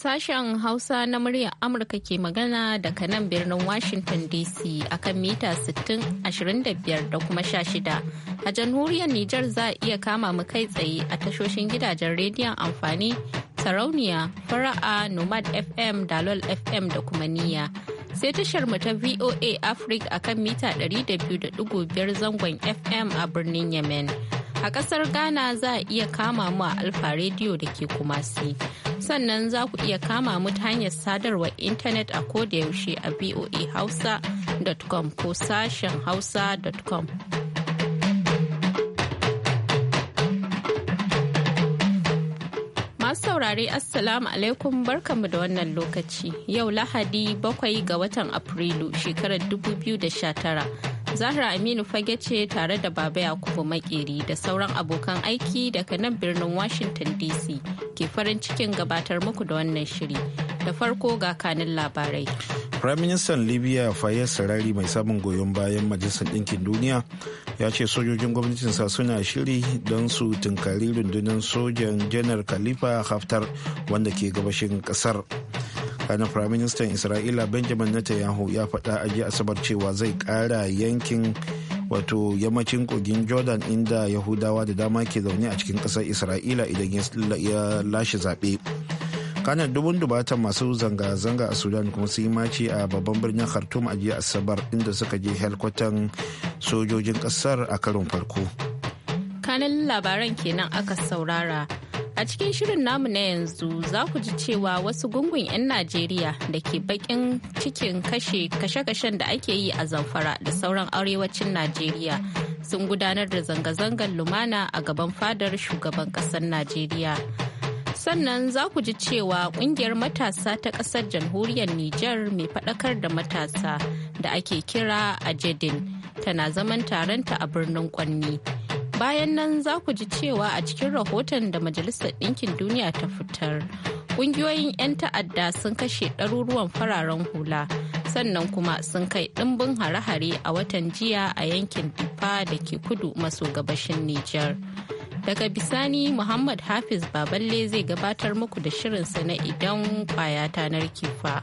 Sashen Hausa na muryar Amurka ke magana daga nan birnin Washington DC akan mita 60, 25 da kuma 16. A jamhuriyar Nijar za a iya kama mu kai tsaye a tashoshin gidajen rediyon amfani sarauniya fara'a nomad fm dalol fm da kuma niya sai tashar mu ta voa africa akan mita 200.5 zangon fm a birnin yemen A ƙasar Ghana za a iya kama mu a Alfa Radio da ke Kumasi. Sannan za ku iya kama mu ta hanyar sadarwar intanet a kodayaushe a voahausa.com ko sashen hausa.com. masu saurare assalamu alaikum barkanmu da wannan lokaci yau lahadi bakwai ga watan afrilu shekarar 2019 Zahra Aminu fage ce tare da Baba Yakubu Makeri da sauran abokan aiki daga nan birnin Washington DC ke farin cikin gabatar muku da wannan shiri. Da farko ga kanin labarai. Firaministan Libya Fayyaz Sarari mai samun goyon bayan Majalisar Ɗinkin Duniya ya ce sojojin gwamnatinsa suna shiri don su tunkari rundunar sojan janar Khalifa Haftar wanda ke gabashin kasar. tsakanin firaministan isra'ila benjamin netanyahu ya faɗa a jiya asabar cewa zai ƙara yankin wato yammacin kogin jordan inda yahudawa da dama ke zaune a cikin ƙasar isra'ila idan ya lashe zaɓe kanar dubun dubatan masu zanga-zanga a sudan kuma sun yi maci a babban birnin khartoum a jiya asabar inda suka je helkwatan sojojin kasar a karon farko kanin labaran kenan aka saurara A cikin shirin namu na yanzu za ku ji cewa wasu gungun 'yan Najeriya da ke bakin cikin kashe kashe-kashen da ake yi a zamfara da sauran arewacin Najeriya sun gudanar da zanga-zangar lumana a gaban fadar shugaban ƙasar Najeriya. Sannan za ku ji cewa ƙungiyar matasa ta ƙasar jamhuriyar Nijar mai faɗakar da matasa da ake kira a Jedin tana zaman taronta a birnin Kwanni. Bayan nan za ku ji cewa a cikin rahoton da Majalisar Ɗinkin Duniya ta fitar, ƙungiyoyin 'yan ta'adda sun kashe ɗaruruwan fararen hula, sannan kuma sun kai ɗimbin hare-hare a watan jiya a yankin Difa da ke kudu maso gabashin Nijar. Daga bisani Muhammad Hafiz Baballe zai gabatar muku da shirinsa na idan kwaya ta narkifa.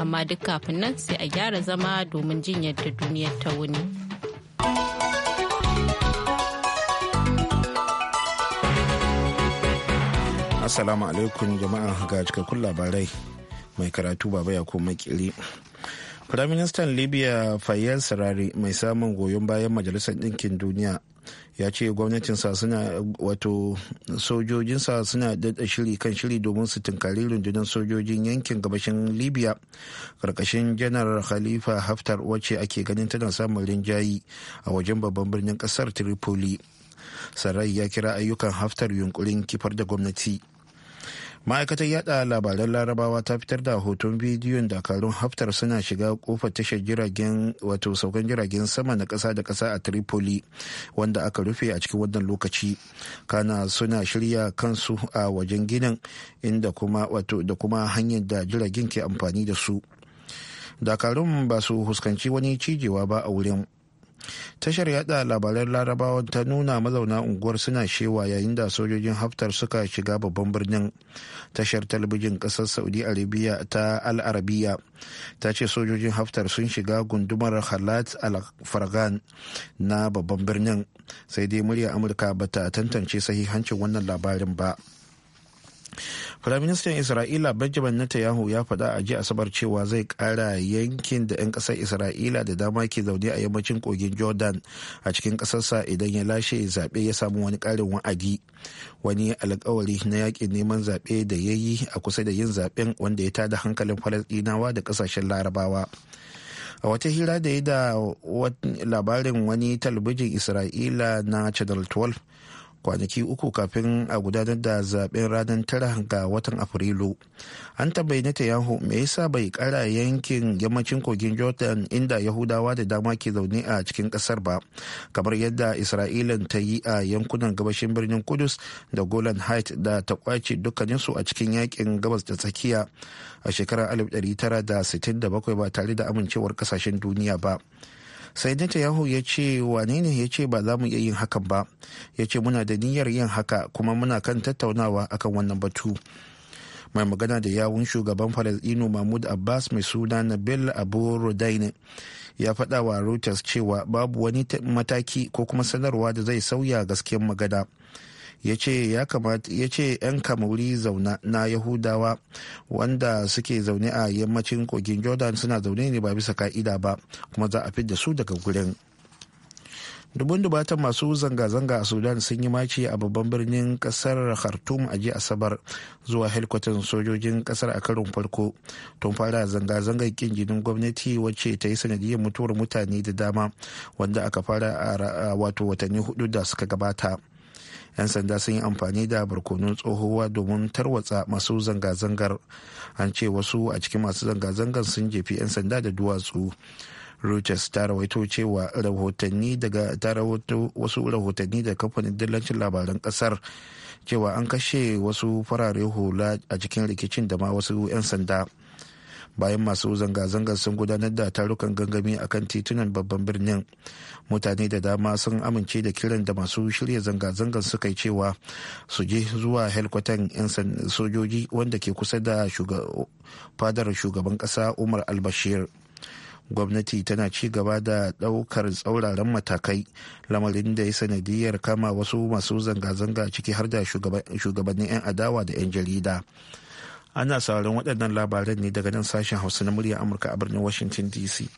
amma duk kafin nan sai a gyara zama domin jin yadda duniyar ta wuni. Assalamu alaikum jama'a ga cikakkun labarai mai karatu baba ya ko prime Firaministan Libya Fayyaz Sarari mai samun goyon bayan Majalisar Ɗinkin Duniya ya ce gwamnatinsa suna wato sojojinsa suna daɗa shiri kan shiri domin su tunkari rundunar sojojin yankin gabashin libya karkashin janar khalifa haftar wacce ake ganin tana samun rinjayi a wajen babban birnin ƙasar tripoli sarai ya kira ayyukan haftar yunkurin kifar da gwamnati ma'aikatar yada labaran larabawa ta fitar da hoton bidiyon dakarun haftar suna shiga kofar tashar jiragen wato saukan jiragen sama na kasa da kasa a tripoli wanda aka rufe a cikin wannan lokaci kana suna shirya kansu a wajen ginin inda kuma wato da kuma hanyar da jiragen ke amfani da su dakarun ba su huskanci wani cijewa ba a wurin tashar yada labaran larabawa ta nuna mazauna unguwar suna shewa yayin da sojojin haftar suka shiga babban birnin tashar talabijin kasar saudi arabia ta al'arabiya ta ce sojojin haftar sun shiga gundumar halat al-fargan na babban birnin sai dai murya amurka bata tantance sahihancin wannan labarin ba. Firaministan Isra'ila Benjamin Netanyahu ya fada a jiya Asabar cewa zai ƙara yankin da 'yan ƙasar Isra'ila da dama ke zaune a yammacin kogin Jordan a cikin ƙasarsa idan ya lashe zaɓe ya samu wani ƙarin wa'adi. Wani alkawari na yakin neman zaɓe da ya yi a kusa da yin zaɓen wanda ya tada hankalin Falasɗinawa da ƙasashen Larabawa. a wata hira da ya da labarin wani talabijin isra'ila na channel 12 kwanaki uku kafin a gudanar da zaben ranar tara ga watan afrilu an na netanyahu me yasa bai kara yankin yammacin kogin jordan inda yahudawa da dama ke zaune a cikin kasar ba kamar yadda isra'ila ta yi a yankunan gabashin birnin kudus da golan height da ta kwace dukkaninsu a cikin yakin gabas da tsakiya a shekarar 1967 ba tare da amincewar kasashen duniya ba. sai netanyahu ya ce wane ne ya ce ba za mu iya yin hakan ba ya ce muna da niyyar yin haka kuma muna kan tattaunawa akan wannan batu mai magana da yawun shugaban falasdino mahmud abbas mai suna nabil abu rudaini ya faɗa wa reuters cewa babu wani mataki ko kuma sanarwa da zai sauya gaskiyar magana ya ce 'yan kamuri zauna na yahudawa wanda suke zaune a yammacin kogin jordan suna zaune ne ba bisa ka'ida ba kuma za a da su daga gurin dubun dubatan masu zanga-zanga a sudan sun yi maci a babban birnin kasar khartoum a jiya asabar zuwa helkwatan sojojin kasar a karin farko tun fara zanga-zangar kin jinin gwamnati wacce ta yi sanadiyar mutuwar mutane da dama wanda aka fara a wato watanni hudu da suka gabata 'yan sanda sun yi amfani da barkonon tsohuwa domin tarwatsa masu zanga-zangar an ce wasu a cikin masu zanga-zangar sun jefi 'yan sanda da duwatsu reuters ta rawaito cewa rahotanni daga ta rahoto wasu rahotanni da kamfanin dillancin labaran kasar cewa an kashe wasu farare hula a cikin rikicin da ma wasu 'yan sanda bayan masu zanga-zangar sun gudanar da tarukan gangami a kan titunan babban birnin mutane da dama sun amince da kiran da masu shirya zanga-zangar suka yi cewa su je zuwa helkwatan 'yan sojoji wanda ke kusa da fadar shugaban kasa umar albashir gwamnati tana ci gaba da daukar tsauraran matakai lamarin da ya sanadiyar kama wasu masu zanga-zanga ciki har da shugabannin 'yan adawa da 'yan jarida. ana sauraron waɗannan labaran ne daga nan sashen hausa na murya amurka a birnin washington dc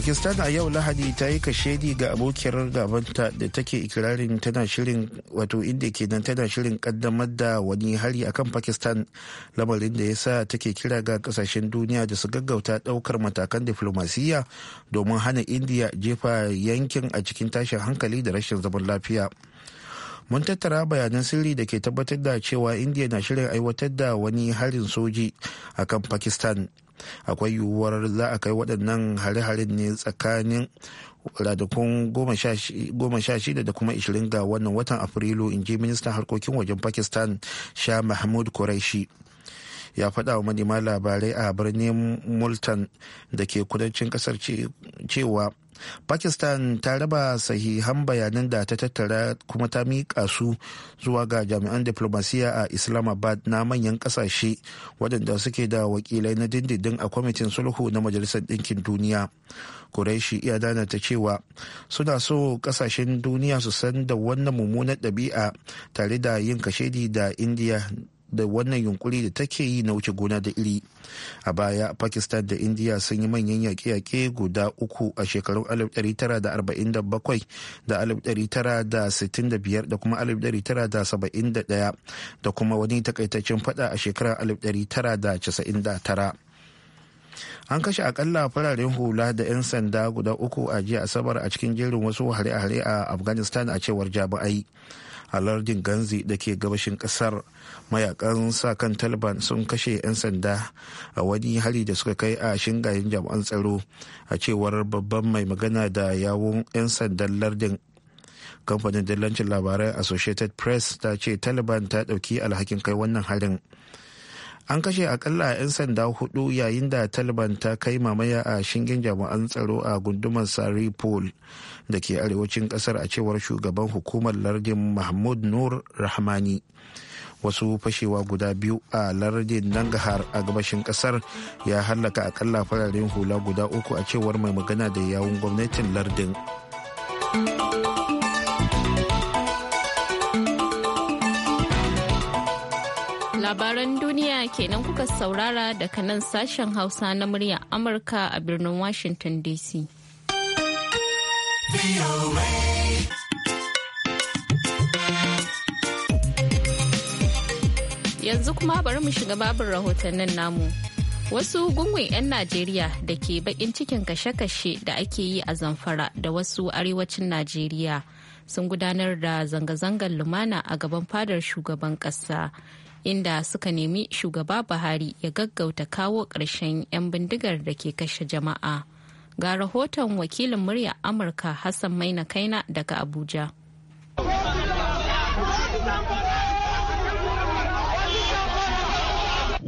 pakistan a yau lahadi ta yi kashedi ga abokiyar gabanta da take ikirarin tana shirin wato inda ke nan tana shirin kaddamar da wani hari akan pakistan lamarin da ya sa take kira ga kasashen duniya da su gaggauta daukar matakan diflomasiyya domin hana india jefa yankin a cikin tashin hankali da rashin zaman lafiya mun tattara bayanan sirri da ke tabbatar da cewa indiya na shirin aiwatar da wani harin soji akan kan pakistan akwai yiwuwar za a kai waɗannan hare-haren ne tsakanin radakun goma sha shida da kuma ishirin ga wannan watan afrilu in ji ministan harkokin wajen pakistan shah mahmud qureshi ya faɗa wa manema labarai a birnin multan da ke kudancin kasar cewa pakistan ta raba sahihan bayanan da ta tattara kuma ta miƙa su zuwa ga jami'an diplomasiya a islamabad na manyan ƙasashe waɗanda suke da wakilai na dindindin a kwamitin sulhu na majalisar ɗinkin duniya kureshi iya dana ta cewa suna so ƙasashen duniya su san da wannan mummunar ɗabi'a tare da yin kashedi da indiya da wannan yunkuri da take yi na wuce gona da iri a baya pakistan da india sun yi manyan yaƙe-yaƙe guda uku a shekarun 1947 da 1965 da kuma 1971 da kuma wani takaitaccen fada a shekarar 1999 an kashe akalla fararen hula da 'yan sanda guda uku a jiya asabar a cikin jerin wasu hare-hare a afghanistan a cewar jami'ai a lardin ganzi da ke gabashin kasar mayakan sa kan taliban sun kashe 'yan sanda a wani hari da suka kai a shingayen jami'an tsaro a cewar babban mai magana da yawun 'yan sandan lardin kamfanin dillancin labarai associated press ta ce taliban ta dauki alhakin kai wannan harin an kashe akalla 'yan sanda hudu yayin da taliban ta kai mamaya a shingen jami'an tsaro a gundumar sari saripol da ke arewacin kasar a cewar shugaban hukumar lardin mahmud nur rahmani wasu fashewa guda biyu a lardin nangahar a gabashin kasar ya hallaka akalla fararen hula guda uku a cewar mai magana da yawun gwamnatin lardin labaran duniya kenan kuka saurara daga nan sashen hausa na muryar amurka a birnin washington dc Yanzu kuma bari mu shiga babin rahotannin namu. Wasu gungun 'yan Najeriya da ke bakin cikin kashe-kashe da ake yi a zamfara da wasu arewacin Najeriya sun gudanar da zanga-zangar lumana a gaban fadar shugaban kasa inda suka nemi shugaba Buhari ya gaggauta kawo ƙarshen 'yan bindigar da ke kashe jama'a. Ga rahoton wakilin murya Amurka Hassan Maina Kaina daga Abuja.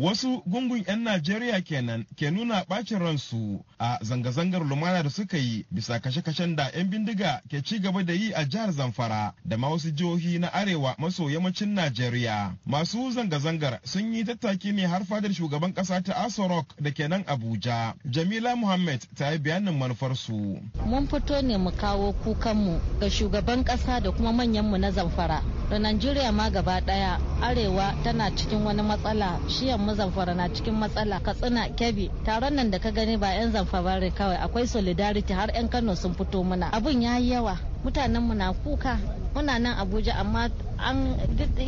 Wasu gungun 'yan Najeriya kenan ke nuna ɓacin ransu a zanga-zangar lumana da suka yi bisa kashe-kashen da 'yan bindiga ke ci gaba da yi a jihar Zamfara da ma wasu jihohi na arewa maso yammacin Najeriya. Masu zanga-zangar sun yi tattaki ne har fadar shugaban kasa ta Aso Rock da kenan Abuja. Jamila Muhammad ta yi bayanin manufarsu. Mun fito ne mu kawo kukanmu ga shugaban kasa da kuma manyanmu na Zamfara da najeriya ma gaba daya arewa tana cikin wani matsala shi yamma zamfara na cikin matsala katsina kebbi taron nan da ka gani ba yan zamfara kawai akwai solidarity har yan kano sun fito muna abun ya yi yawa mutanenmu na kuka muna nan abuja amma an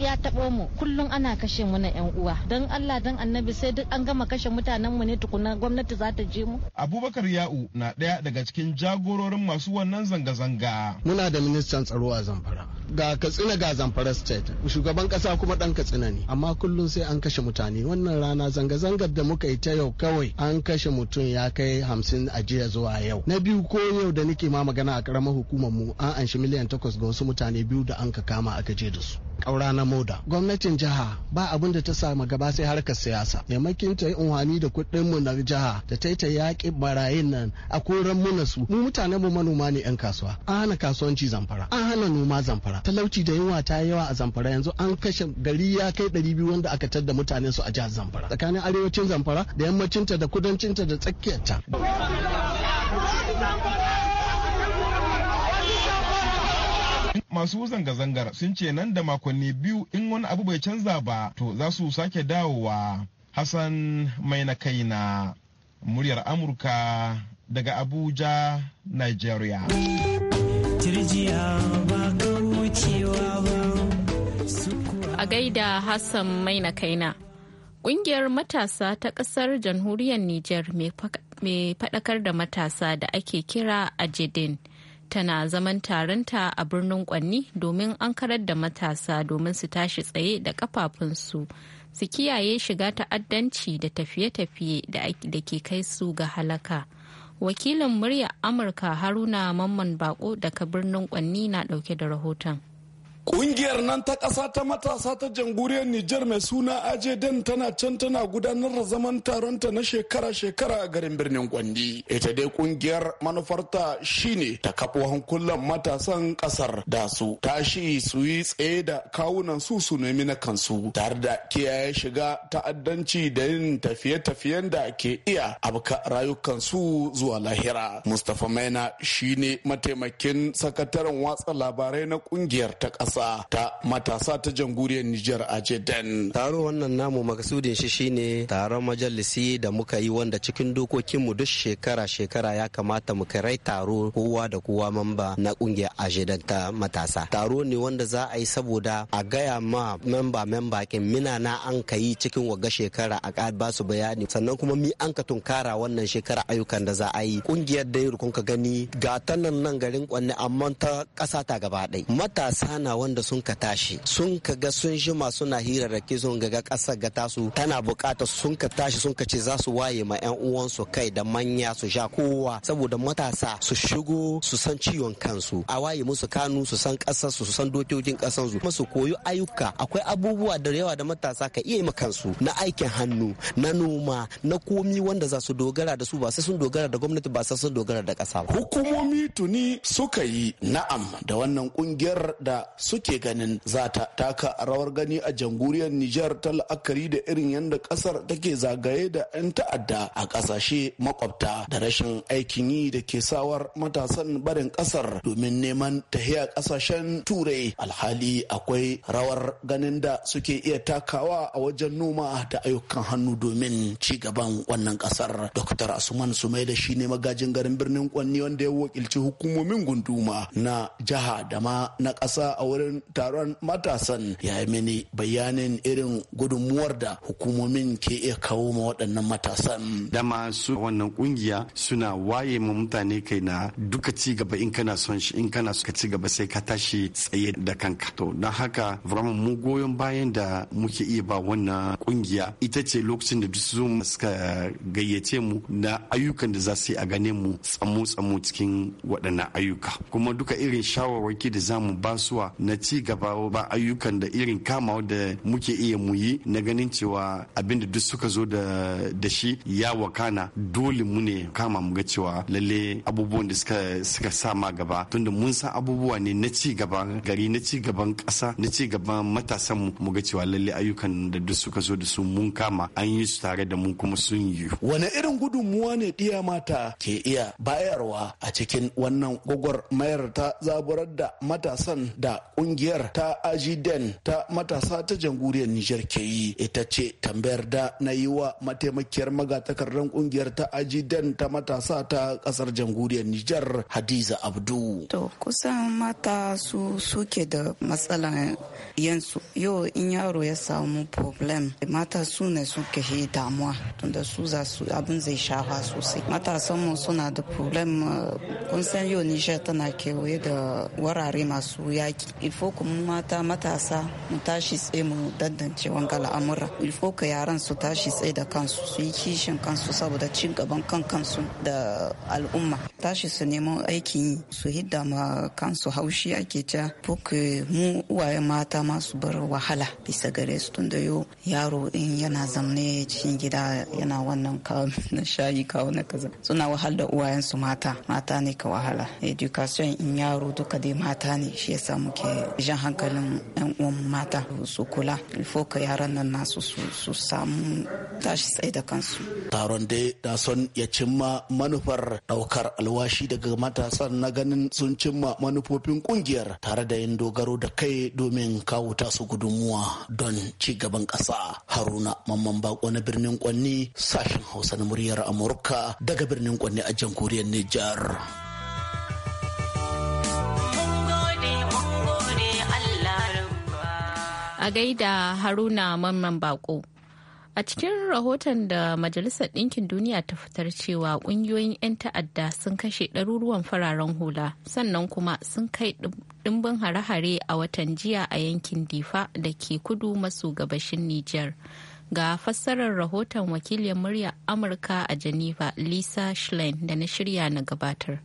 ya taɓo mu kullum ana kashe mu na yan uwa don allah don annabi sai duk an gama kashe mutanenmu ne tukuna gwamnati za ta je mu abubakar ya'u na ɗaya daga cikin jagororin masu wannan zanga-zanga muna da ministan tsaro a zamfara ga katsina ga zamfara state shugaban kasa kuma dan katsina ne amma kullum sai an kashe mutane wannan rana zanga-zangar da muka yi ta yau kawai an kashe mutum ya kai hamsin a jiya zuwa yau na biyu ko yau da nake ma magana a karamar hukumar mu an anshi miliyan takwas ga wasu mutane biyu da an ka kama a je da su kaura na moda gwamnatin jiha ba abin da ta sa ma gaba sai harkar siyasa maimakin ta yi unhani da kuɗin mu na jiha da ta ta yaƙi barayin nan a koran mu su mu mutanen mu manoma ne yan kasuwa an hana kasuwanci zamfara an hana noma zamfara talauci da yunwa ta yawa a zamfara yanzu an kashe gari ya kai ɗari biyu wanda aka tadda mutanen su a jihar zamfara tsakanin arewacin zamfara da yammacinta da kudancinta da tsakiyarta. masu zanga-zangar sun ce nan da makonni biyu in wani abu bai canza ba to za su sake dawowa hassan mai na kaina muryar amurka daga abuja nigeria a gaida hassan mai na kaina Ƙungiyar matasa ta ƙasar jamhuriyar Nijar mai faɗakar da matasa da ake kira a Ajedin tana zaman taronta a birnin Kwanni domin an karar da matasa domin su tashi tsaye da kafafunsu su kiyaye shiga ta'addanci da tafiye-tafiye da ke kai su ga halaka. Wakilin murya Amurka Haruna Mamman Bako daga birnin Kwanni na dauke da rahoton. Ƙungiyar nan ta ƙasa ta matasa ta jamhuriyar Nijar mai suna Aje Den tana can tana gudanar da zaman taronta na shekara-shekara a garin birnin Gwandi. Ita dai ƙungiyar manufarta shine ta kafa hankulan matasan ƙasar da su tashi su yi tsaye da kawunan su su nemi na kansu tare da kiyaye shiga ta'addanci da yin tafiye-tafiyen da ke iya abka rayukansu zuwa lahira. Mustapha Maina shine mataimakin sakataren watsa labarai na ƙungiyar ta ƙasa. Matasa ta matasa ta jamhuriyar Nijar a Jeden. Taro wannan namu makasudin shi shine taron majalisi da muka yi wanda cikin dokokinmu duk shekara-shekara ya kamata mu kai taro kowa da kowa mamba na kungiyar Ajedan ta matasa. Taro ne wanda za a yi saboda a gaya ma memba memba kin mina na an kai cikin waga shekara a ba su bayani sannan kuma mi an ka tunkara wannan shekara ayyukan da za a yi kungiyar da kun ka gani ga tannan nan garin kwanne amma ta kasa ta gaba ɗai matasa na wanda sun ka tashi sun ka ga sun jima suna ke sun ga ƙasar ga tasu tana bukatar sun ka tashi sun ka ce za su waye ma 'yan uwansu kai da manya su sha kowa saboda matasa su shigo su san ciwon kansu a waye musu kanu su san ƙasar su san dokokin ƙasar su su koyi ayyuka akwai abubuwa da yawa da matasa ka iya ma kansu na aikin hannu na noma na komi wanda za su dogara da su ba sai sun dogara da gwamnati ba sai sun dogara da kasa ba hukumomi tuni suka yi na'am da wannan kungiyar da su suke ganin za ta taka rawar gani a jamhuriyar Nijar ta la'akari da irin yadda kasar take zagaye da 'yan ta'adda a kasashe makwabta da rashin aikin yi da ke sawar matasan barin kasar domin neman tahiya kasashen turai alhali akwai rawar ganin da suke iya takawa a wajen noma da ayyukan hannu domin ci gaban wannan kasar dr asuman da shine magajin garin birnin kwanni wanda ya wakilci hukumomin gunduma na jiha da ma na ƙasa a wurin wurin taron matasan ya yi mini bayanin irin gudunmuwar da hukumomin ke iya kawo ma waɗannan matasan. Da masu wannan kungiya suna waye ma mutane kai na duka ci gaba in kana son shi in kana suka ci gaba sai ka tashi tsaye da kanka. To don haka vraiment mu goyon bayan da muke iya ba wannan kungiya ita ce lokacin da duk su suka gayyace mu na ayyukan da za su yi a gane mu tsamu tsamu cikin waɗannan ayyuka. Kuma duka irin shawarwaki da za mu basuwa na na ci gaba ba ayyukan da irin kamawa da muke iya muyi na ganin cewa abin da duk suka zo da shi ya wakana dole mu ne kama mu ga cewa lalle abubuwan da suka sa ma gaba tunda mun san abubuwa ne na ci gaba gari na ci gaban ƙasa na ci gaban matasan mu mu ga cewa lalle ayyukan da duk suka zo da su mun kama an yi su tare da mu kuma sun yi wani irin gudunmuwa ne iya mata ke iya bayarwa a cikin wannan mayar ta zaburar da matasan da kungiyar ta Ajiden ta matasa ta jamhuriyar Nijar ke yi ita ce tambayar da na yi wa mataimakiyar magatakardar kungiyar ta Ajiden ta matasa ta kasar jamhuriyar Nijar Hadiza Abdu. To kusan mata su suke da matsala yansu yau in yaro ya samu problem mata su ne suke yi damuwa tunda su za su abin zai shafa sosai matasan mu suna da problem kun san yau Nijar tana kewaye da wurare masu yaki ilfo kuma mata matasa mu tashi tsaye mu daddance wanga al'amura ilfo ka yaran su tashi tsaye da kansu su yi kishin kansu saboda cin gaban kan kansu da al'umma tashi su nemo aikin yi su hidda ma kansu haushi ake ta buke mu uwaye mata masu bar wahala bisa gare su tunda yau yaro in yana zamne cikin gida yana wannan kawo na shayi kawo na kaza suna wahal da uwayensu mata mata ne ka wahala education in yaro duka dai mata ne shi yasa muke jan hankalin 'yan uwan mata su kula ka yaran nan nasu su samu tashi tsaye da kansu taron dai da son ya cimma manufar daukar alwashi daga matasan na ganin sun cimma manufofin kungiyar tare da yin dogaro da kai domin kawo tasu gudunmuwa don ci gaban kasa haruna mamman bako na birnin kwanni sashen hausa na muryar amurka daga birnin kwanni a jamhuriyar nijar a gaida haruna mamman bako a cikin rahoton da majalisar ɗinkin duniya ta fitar cewa ƙungiyoyin 'yan ta'adda sun kashe ɗaruruwan fararen hula sannan kuma sun kai ɗimbin hare-hare a watan jiya a yankin difa da ke kudu maso gabashin nijar ga fassarar rahoton wakilin murya amurka a geneva lisa schlein da na shirya na gabatar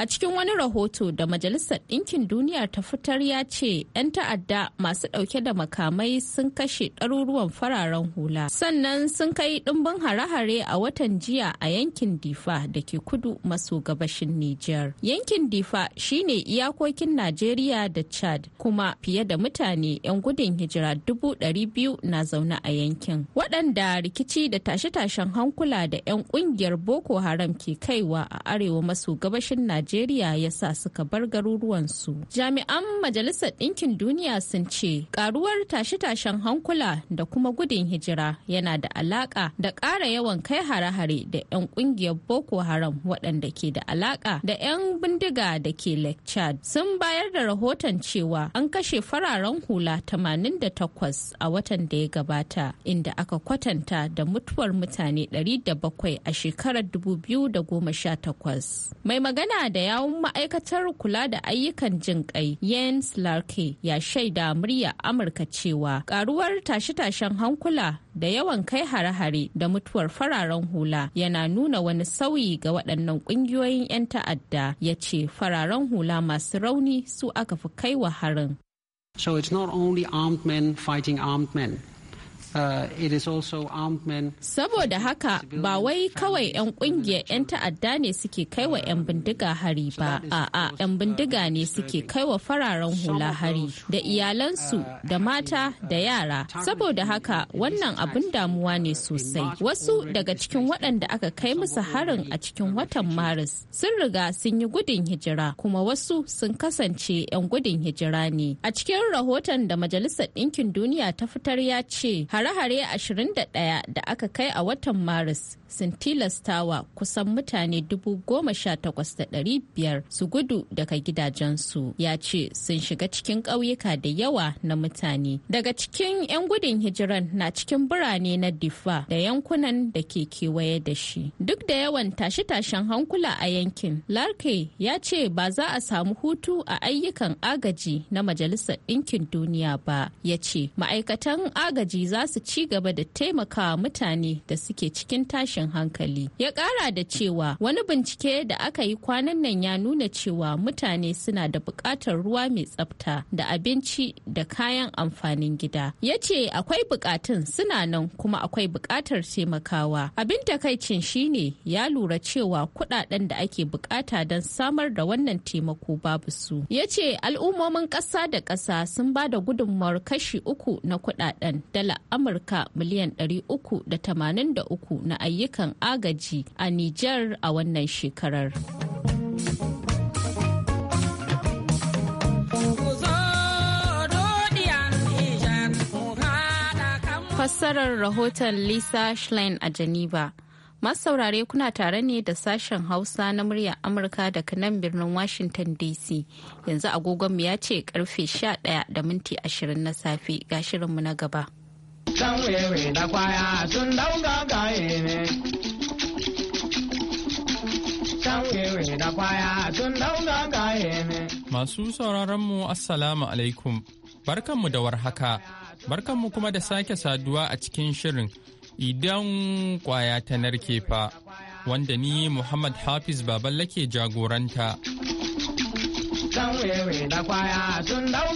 A cikin wani rahoto da Majalisar Ɗinkin Duniya ta fitar ya ce 'yan ta'adda masu ɗauke da makamai sun kashe ɗaruruwan fararen hula. Sannan sun kai ɗimbin hare-hare a watan jiya a yankin Difa da ke kudu maso gabashin Nijar. Yankin Difa shine iyakokin Najeriya da Chad kuma fiye da mutane 'yan gudun hijira dubu ɗari biyu na zaune a yankin. Waɗanda rikici da tashe-tashen hankula da 'yan ƙungiyar Boko Haram ke kaiwa a arewa maso gabashin Najeriya. Najeriya ya sa suka bar garuruwansu. Jami'an Majalisar Ɗinkin Duniya sun ce ƙaruwar tashe-tashen hankula da kuma gudun hijira yana da alaƙa da ƙara yawan kai hare-hare da 'yan ƙungiyar Boko Haram waɗanda ke da alaƙa da 'yan bindiga da ke Lake Chad sun bayar da rahoton cewa an kashe fararen hula 88 a watan da ya gabata inda aka kwatanta da mutuwar mutane 700 a shekarar 2018. Mai magana da da yawun ma'aikatar kula da ayyukan jinƙai kai Jens Larke ya shaida murya Amurka cewa karuwar tashe-tashen hankula da yawan kai hare-hare da mutuwar fararen hula yana nuna wani sauyi ga waɗannan ƙungiyoyin 'yan ta'adda ya ce fararen hula masu rauni su aka fi kai wa harin. So it's not only armed men fighting armed men. Uh, Saboda haka ba wai kawai 'yan kungiyar 'yan ta'adda ne suke kai wa 'yan bindiga hari ba, a'a 'yan bindiga uh, ne suke kai wa fararen hula hari da iyalansu uh, da mata da yara. Saboda haka wannan abin damuwa ne sosai. Wasu daga cikin waɗanda aka kai musu harin a cikin watan Maris sun riga sun yi gudun hijira kuma wasu sun kasance 'yan gudun hijira ne. A cikin rahoton da Majalisar Ɗinkin Duniya ta fitar ya ce hare-hare 21 da aka kai a watan maris sun tilastawa kusan mutane dubu goma sha takwas da biyar su gudu daga gidajensu ya ce sun shiga cikin ƙauyuka da yawa na mutane daga cikin 'yan gudun hijiran na cikin birane na difa da yankunan da ke kewaye da shi duk da yawan tashe-tashen hankula a yankin larke ya ce ba za a samu hutu a ayyukan agaji na majalisar ɗinkin duniya ba ya ce ma'aikatan agaji za su ci gaba da taimakawa mutane da suke cikin tashin tashin hankali ya ƙara da cewa wani bincike da aka yi kwanan nan ya nuna cewa mutane suna da buƙatar ruwa mai tsafta da abinci da kayan amfanin gida ya ce akwai buƙatun suna nan kuma akwai buƙatar taimakawa abin takaicin shine ya lura cewa kuɗaɗen da ake buƙata don samar da wannan taimako babu su ya ce al'ummomin ƙasa da ƙasa sun ba da gudunmawar kashi uku na kuɗaɗen dala amurka miliyan ɗari uku uku na ayyuka ayyukan agaji a Nijar a wannan shekarar. Fassarar rahoton Lisa Schlein a Geneva. masaurare kuna tare ne da sashen Hausa na muryar Amurka daga nan birnin Washington DC. Yanzu agogonmu ya ce karfe 11 da minti 20 na safe ga shirinmu na gaba. dan wewe da kwaya sun dau eh, eh, ne masu sauraron mu assalamu alaikum barkanmu da warhaka barkanmu kuma da sake saduwa a cikin shirin idan kwaya ta narke fa wanda ni Muhammad Hafiz Baballe ke jagoranta. Dan da kwaya sun dau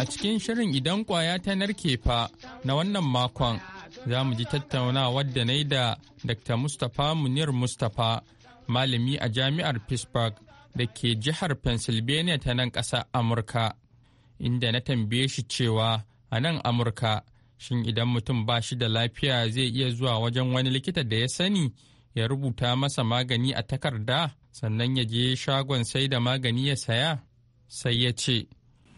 A cikin shirin idan kwaya ta narke fa na wannan makon za mu ji tattaunawa da na yi da Dr. Mustapha Munir Mustapha malami a jami'ar Pittsburgh da ke jihar Pennsylvania ta nan ƙasa Amurka, inda na tambaye shi cewa a nan Amurka shin idan mutum ba shi da lafiya zai iya zuwa wajen wani likita da ya sani ya rubuta masa magani a takarda sannan ya je shagon sai da magani ya saya? Sai ya ce.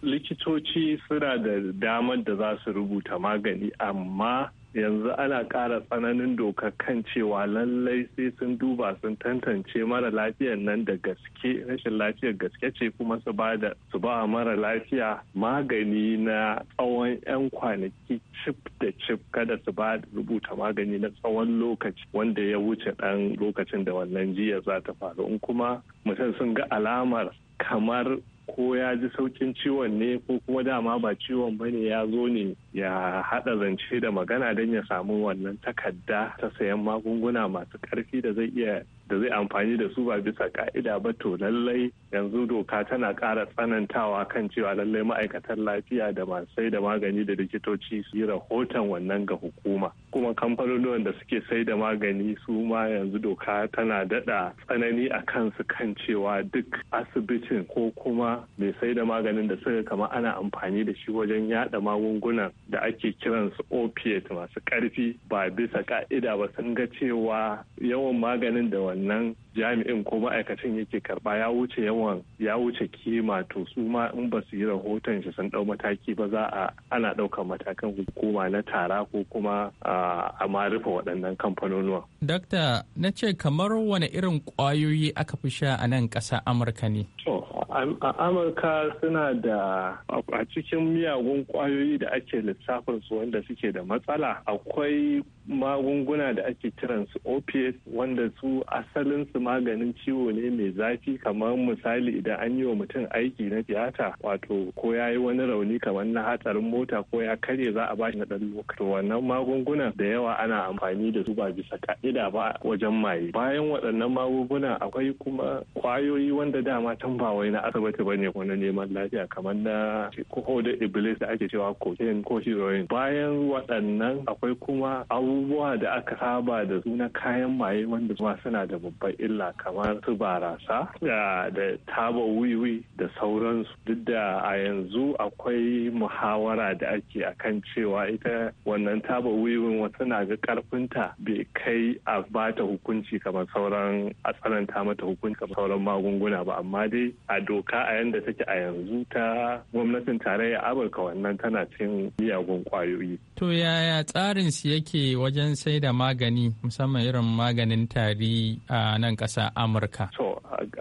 likitoci suna da damar da za su rubuta magani amma yanzu ana ƙara tsananin doka kan cewa lallai sai sun duba sun tantance mara lafiyar nan da gaske rashin lafiyar gaske ce kuma su ba da su ba mara lafiya magani na tsawon 'yan kwanaki cip da cip kada su ba rubuta magani na tsawon lokaci wanda ya wuce ɗan lokacin da wannan jiya za ta faru in kuma mutum sun ga alamar kamar ko ya ji saukin ciwon ne ko kuma dama ba ciwon bane ya zo ne ya haɗa zance da magana don ya samu wannan takarda ta sayan magunguna masu ƙarfi da zai iya da zai amfani da su ba bisa ka'ida ba to lallai yanzu doka tana ƙara tsanantawa kan cewa lallai ma'aikatan lafiya da masu sai da magani da likitoci su yi rahoton wannan ga hukuma kuma kamfanonin da suke sai da magani su ma yanzu doka tana daɗa tsanani a kansu kan cewa duk asibitin ko kuma mai sai da maganin da suka kama ana amfani da shi wajen yada magungunan da ake kiransu opiate masu ƙarfi ba bisa ka'ida ba sun ga cewa yawan maganin da wani wannan jami'in ko ma'aikacin yake karba ya wuce yawan ya wuce kima to su ma in ba su yi rahoton shi sun dau mataki ba za a ana daukan matakan hukuma na tara ko kuma a ma rufe waɗannan kamfanonuwa. Dakta na ce kamar wani irin ƙwayoyi aka fi sha a nan ƙasa Amurka ne? a Amurka suna da a cikin miyagun ƙwayoyi da ake lissafin su wanda suke da matsala akwai magunguna da ake su opiates wanda su asalinsu maganin ciwo ne mai zafi kamar misali idan an yi wa mutum aiki na tiyata wato ko ya yi wani rauni kamar na hatsarin mota ko ya karye za a bashi na ɗan lokaci wannan magunguna da yawa ana amfani da su ba bisa ka'ida ba wajen maye bayan waɗannan magunguna akwai kuma kwayoyi wanda dama tun ba wai na asibiti ba ne. na neman lafiya kamar na ko da iblis da ake cewa cocaine ko heroin bayan waɗannan akwai kuma abubuwa da aka saba da su na kayan maye wanda ma suna da babbar illa kamar su barasa da taba wiwi da sauransu duk da a yanzu akwai muhawara da ake akan cewa ita wannan taba wiwi wata na ga karfinta bai kai a bata hukunci kamar sauran a tsananta mata hukunci kamar sauran magunguna ba amma dai a doka a yanda take a yanzu ta gwamnatin tarayya amurka wannan tana cin miyagun kwayoyi. to yaya tsarin su yake wajen sai da magani musamman irin maganin tari a nan kasa amurka to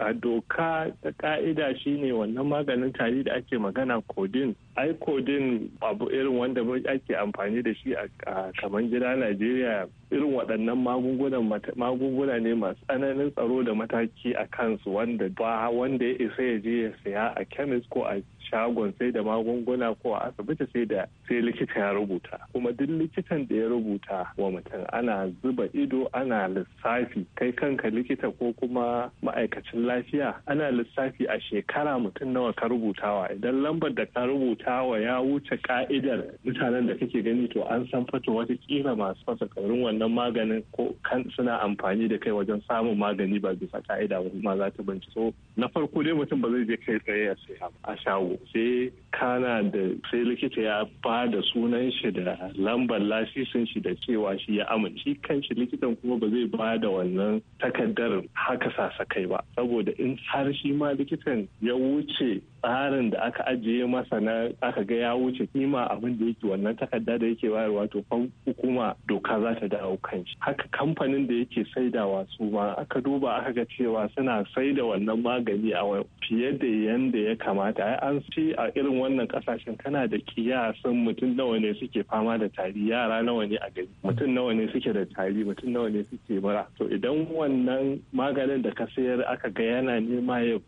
a doka ta ka'ida shine wannan maganin tari da ake magana kodin ai kodin abu irin wanda ake amfani da shi a kamar gida najeriya irin waɗannan magunguna ne masu tsananin tsaro da mataki a kansu wanda ba wanda ya isa ya je ya saya a kemis ko a shagon sai da magunguna ko a asibiti sai da sai likita ya rubuta kuma duk likitan da ya rubuta wa mutum ana zuba ido ana lissafi kai kanka likita ko kuma ma'aikacin lafiya ana lissafi a shekara mutum nawa ka rubutawa idan lambar da ka rubutawa ya wuce ka'idar mutanen da kake gani to an san fata wata kila masu fasakarun wannan maganin ko kan suna amfani da kai wajen samun magani ba bisa ka'ida ba ma za ta binci so na farko dai mutum ba zai je kai tsaye ya sai a shago sai kana da sai likita ya ba da sunan shi da lambar lasisin shi da cewa cewa shi ya amince kan shi likitan kuma ba zai ba da wannan takardar haka sasakai ba saboda in har shi ma likitan ya wuce tsarin da aka ajiye masa na aka ga ya wuce kima abin da yake wannan takarda da yake bayarwa to hukuma doka za ta dawo kanshi haka kamfanin da yake saida su ma aka duba aka ga cewa suna saida wannan magani a fiye da yanda ya kamata ai an ci a irin wannan kasashen kana da kiyasan mutum nawa ne suke fama da tari yara nawa ne a gari mutum nawa ne suke da tari mutum nawa ne suke mura to idan wannan maganin da ka sayar aka ga yana nema ya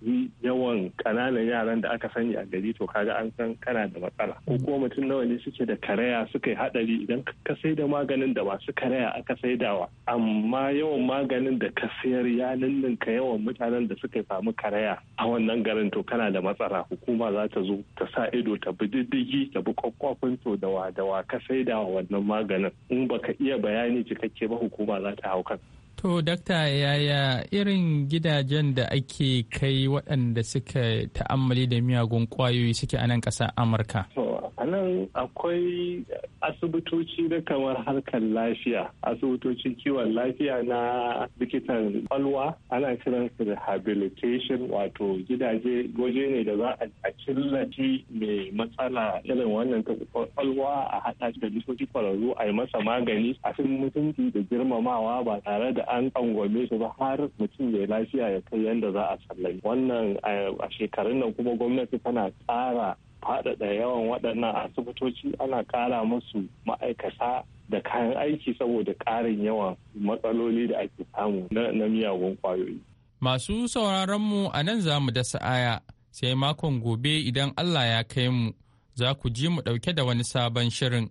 yawan kananan yaran da aka sani a gari to kaga an san kana da matsala ko kuma mutum nawa ne suke da karaya suka yi hadari idan ka sai da maganin da masu karaya aka saidawa amma yawan maganin da ka sayar ya ka yawan mutanen da suka samu karaya a wannan garin to kana da matsala hukuma za ta zo ta sa ido ta bi diddigi ta bi kwakwafin to da wa da wa ka saidawa wannan maganin in baka iya bayani cikakke ba hukuma za ta hau kan To, dakta yaya irin gidajen da ake kai waɗanda suka ta'ammali da miyagun ƙwayoyi suke a nan ƙasar Amurka? To, a nan akwai asibitoci da kamar harkar lafiya asibitocin kiwon lafiya na likitan kwalwa ana kiransu rehabilitation wato gidaje goje ne da za a cillaci mai matsala irin wannan ta kwalwa a haɗa da likitoci kwararru a yi masa magani a cikin mutunci da girmamawa ba tare da an tsangwame su ba har mutum ya lafiya ya kai yadda za a sallami wannan a shekarun nan kuma gwamnati tana tsara faɗaɗa yawan waɗannan asibitoci ana ƙara musu ma'aikata da kayan aiki saboda ƙarin yawan matsaloli da ake samu na miyagun ƙwayoyi. Masu sauraronmu a nan za mu da sa'aya sai makon gobe idan Allah ya kai mu. Za ku ji mu ɗauke da wani sabon shirin.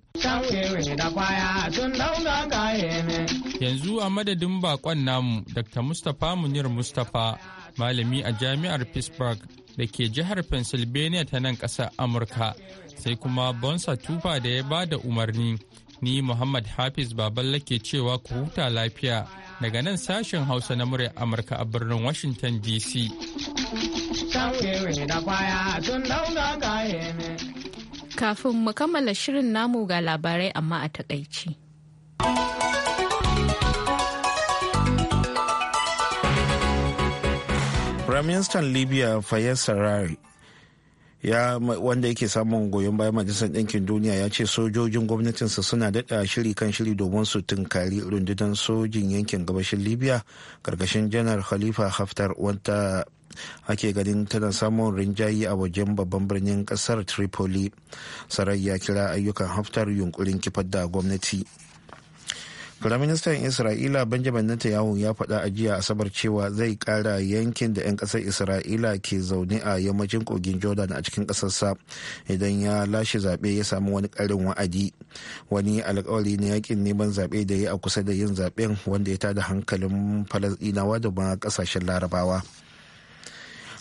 Yanzu a madadin baƙon namu, Dr. Mustapha Munir Mustapha, malami a Jami'ar Pittsburgh da ke jihar pennsylvania ta nan ƙasar amurka sai kuma bonsa tufa da ya ba da umarni ni muhammad hafiz baballa ke cewa ku huta lafiya daga nan sashen hausa na murya amurka a birnin washington dc kafin mu kammala shirin namu ga labarai amma a takaici. Firaministan Libya Fayez Sarari ya wanda yake samun goyon bayan majalisar ɗinkin duniya ya ce sojojin gwamnatinsa suna daɗa shiri kan shiri domin su tunkari rundunar sojin yankin gabashin libya karkashin janar khalifa haftar wata ake ganin tana samun rinjayi a wajen babban birnin ƙasar tripoli sarai ya kira ayyukan haftar yunkurin kifar da gwamnati Firaministan Isra'ila Benjamin Netanyahu ya faɗa a jiya Asabar cewa zai ƙara yankin da 'yan ƙasar Isra'ila ke zaune a yammacin kogin Jordan a cikin ƙasarsa idan ya lashe zaɓe ya samu wani ƙarin wa'adi. Wani alkawari na yakin neman zaɓe da ya a kusa da yin zaɓen wanda ya tada hankalin Falasɗinawa da ma ƙasashen Larabawa.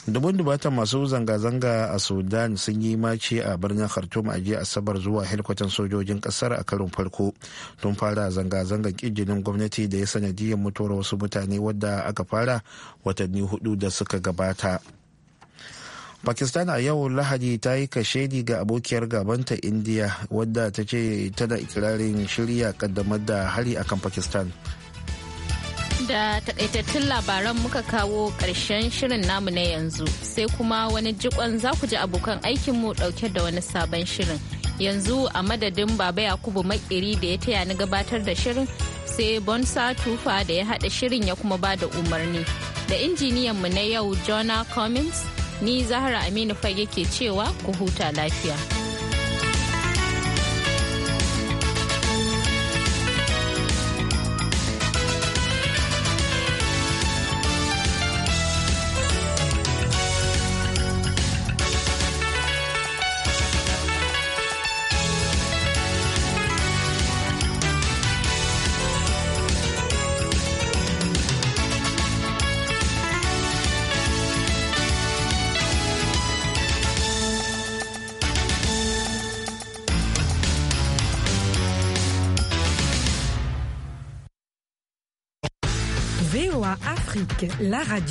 dubun dubata masu zanga-zanga a sudan sun yi mace a birnin khartoum a jiya asabar zuwa helikwatan sojojin kasar a karin farko tun fara zanga-zangar kijinin gwamnati da ya sanadiyar mutuwar wasu mutane wadda aka fara watanni hudu da suka gabata pakistan a yau lahadi ta yi kashedi ga abokiyar gabanta india wadda ta ce tana ikirarin shirya kaddamar da hari akan pakistan Da takaitattun labaran muka kawo karshen shirin namu na yanzu sai kuma wani jikon za ku ji abokan aikinmu ɗauke da wani sabon shirin. Yanzu a madadin Baba Yakubu Makiri da ya taya ni gabatar da shirin sai Bonsa Tufa da ya haɗa shirin ya kuma ba da umarni. Da injiniyanmu na yau Jona Cummins, ni Zahra Aminu Fage ke cewa ku huta lafiya. la radio.